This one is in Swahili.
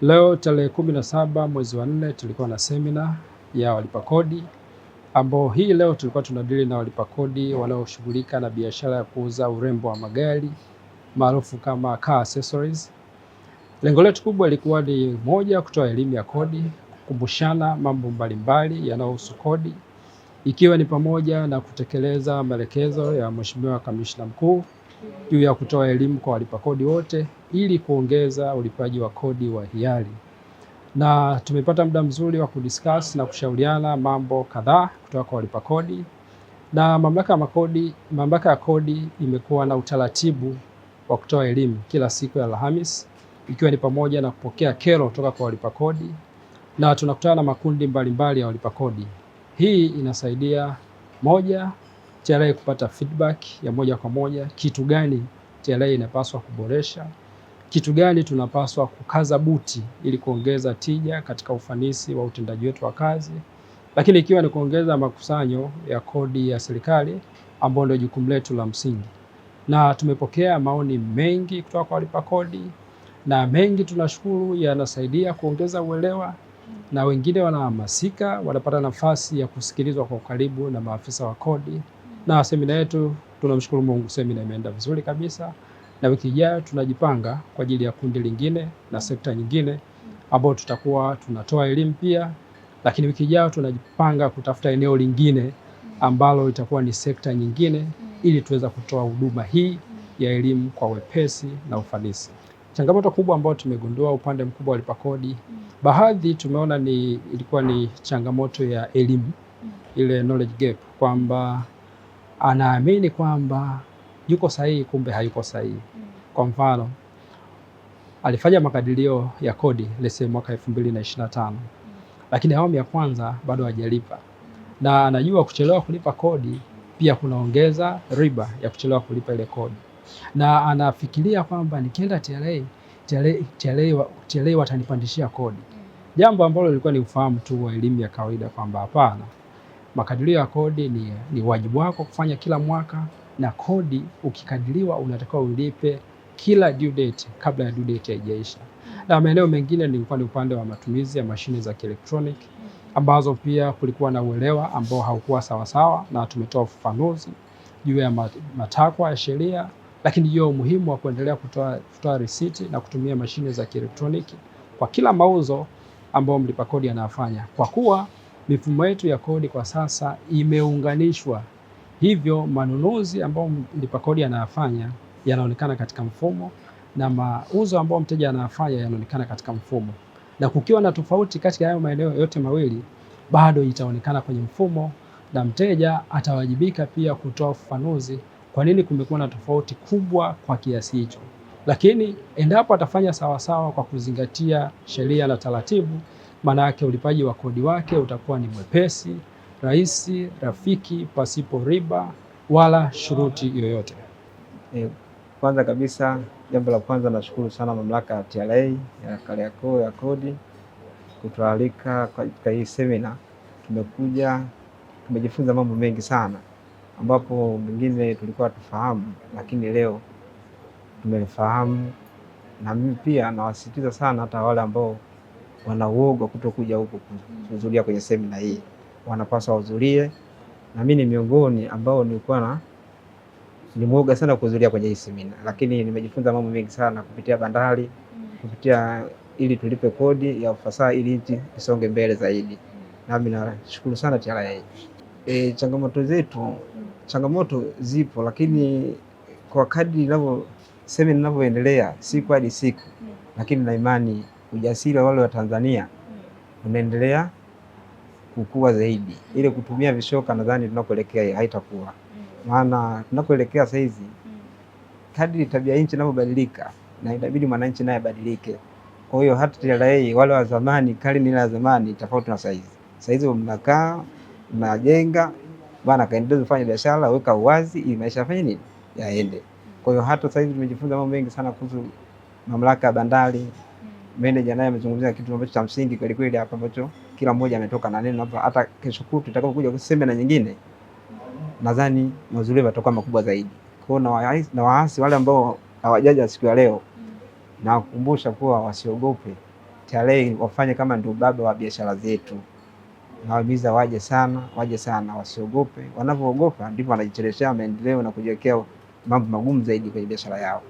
Leo tarehe kumi na saba mwezi wa nne tulikuwa na semina ya walipa kodi, ambao hii leo tulikuwa tunadili na walipa kodi wanaoshughulika na biashara ya kuuza urembo wa magari maarufu kama car accessories. Lengo letu kubwa ilikuwa ni moja, kutoa elimu ya kodi, kukumbushana mambo mbalimbali yanayohusu kodi, ikiwa ni pamoja na kutekeleza maelekezo ya Mheshimiwa Kamishna Mkuu juu ya kutoa elimu kwa walipa kodi wote ili kuongeza ulipaji wa kodi wa hiari, na tumepata muda mzuri wa kudiscuss na kushauriana mambo kadhaa kutoka kwa walipa kodi na mamlaka ya makodi. Mamlaka ya kodi imekuwa na utaratibu wa kutoa elimu kila siku ya alhamis ikiwa ni pamoja na kupokea kero kutoka kwa walipa kodi na tunakutana na makundi mbalimbali mbali ya walipa kodi. Hii inasaidia moja TRA kupata feedback ya moja kwa moja, kitu gani TRA inapaswa kuboresha, kitu gani tunapaswa kukaza buti ili kuongeza tija katika ufanisi wa utendaji wetu wa kazi, lakini ikiwa ni kuongeza makusanyo ya kodi ya serikali ambayo ndio jukumu letu la msingi. Na tumepokea maoni mengi kutoka kwa walipa kodi na mengi tunashukuru, yanasaidia kuongeza uelewa na wengine wanahamasika, wanapata nafasi ya kusikilizwa kwa ukaribu na maafisa wa kodi na semina yetu, tunamshukuru Mungu, semina imeenda vizuri kabisa, na wiki ijayo tunajipanga kwa ajili ya kundi lingine na sekta nyingine ambao tutakuwa tunatoa elimu pia, lakini wiki ijayo tunajipanga kutafuta eneo lingine ambalo itakuwa ni sekta nyingine ili tuweza kutoa huduma hii ya elimu kwa wepesi na ufanisi. Changamoto kubwa ambayo tumegundua upande mkubwa wa lipakodi, baadhi tumeona ni ilikuwa ni changamoto ya elimu ile knowledge gap kwamba anaamini kwamba yuko sahihi, kumbe hayuko sahihi. Mm. Kwa mfano, alifanya makadirio ya kodi lese mwaka elfu mbili na ishirini na tano mm. lakini awamu ya kwanza bado hajalipa, mm. na anajua kuchelewa kulipa kodi pia kunaongeza riba ya kuchelewa kulipa ile kodi, na anafikiria kwamba nikienda TRA TRA watanipandishia kodi, jambo ambalo lilikuwa ni ufahamu tu wa elimu ya kawaida kwamba hapana, makadirio ya kodi ni, ni wajibu wako kufanya kila mwaka, na kodi ukikadiriwa unatakiwa ulipe kila due date kabla ya due date haijaisha. Hmm. Na maeneo mengine nilikuwa ni upande wa matumizi ya mashine za kielektroniki hmm. ambazo pia kulikuwa na uelewa ambao haukuwa sawasawa, na tumetoa ufafanuzi juu ya matakwa ya sheria, lakini juu ya umuhimu wa kuendelea kutoa, kutoa risiti na kutumia mashine za kielektroniki kwa kila mauzo ambao mlipa kodi anafanya kwa kuwa mifumo yetu ya kodi kwa sasa imeunganishwa, hivyo manunuzi ambayo mlipa kodi anayafanya yanaonekana katika mfumo na mauzo ambayo mteja anayafanya yanaonekana katika mfumo, na kukiwa na tofauti kati ya hayo maeneo yote mawili bado itaonekana kwenye mfumo na mteja atawajibika pia kutoa ufafanuzi kwa nini kumekuwa na tofauti kubwa kwa kiasi hicho. Lakini endapo atafanya sawasawa kwa kuzingatia sheria na taratibu maana yake ulipaji wa kodi wake utakuwa ni mwepesi, rahisi, rafiki, pasipo riba wala shuruti yoyote. E, kwanza kabisa, jambo la kwanza nashukuru sana mamlaka ya TRA ya Kariakoo ya kodi kutualika katika hii semina. Tumekuja tumejifunza mambo mengi sana, ambapo mengine tulikuwa tufahamu, lakini leo tumefahamu, na mimi pia nawasisitiza sana hata wale ambao wana kutokuja huko kuhudhuria kwenye semina hii, wanapaswa wahudhurie. Na mimi ni miongoni ambao nilikuwa na ni mwoga sana kuhudhuria kwenye hii semina, lakini nimejifunza mambo mengi sana kupitia bandari, kupitia ili tulipe kodi ya ufasaha ili nchi isonge mbele zaidi. Nami nashukuru sana TRA. E, changamoto zetu, changamoto zipo, lakini kwa kadri inavyo semina inavyoendelea siku hadi siku, lakini na imani ujasiri wa wale wa Tanzania unaendelea kukua zaidi. Ile kutumia vishoka, nadhani tunakoelekea haitakuwa, maana tunakoelekea sasa hizi kadri tabia nchi inavyobadilika, na inabidi mwananchi naye abadilike. Kwa hiyo hata TRA wale wa zamani, kali ni la zamani tofauti na saizi. Saizi mnakaa mnajenga bana, kaendelea kufanya biashara, weka uwazi ili maisha yafanye nini, yaende. Kwa hiyo hata saizi tumejifunza mambo mengi sana kuhusu mamlaka ya bandari meneja naye amezungumzia kitu ambacho cha msingi kweli kweli hapa ambacho kila mmoja ametoka na neno hapa. Hata kesho kutu tutakapokuja kuseme na nyingine, nadhani mazuri yatakuwa makubwa zaidi. Kwa hiyo na waasi wale ambao hawajaja siku ya leo, nawakumbusha kuwa wasiogope, tarehe wafanye kama ndio baba wa biashara zetu. Nawahimiza waje sana, waje sana, wasiogope. Wanapoogopa ndipo wanajicheleshea maendeleo na kujiwekea mambo magumu zaidi kwenye biashara yao.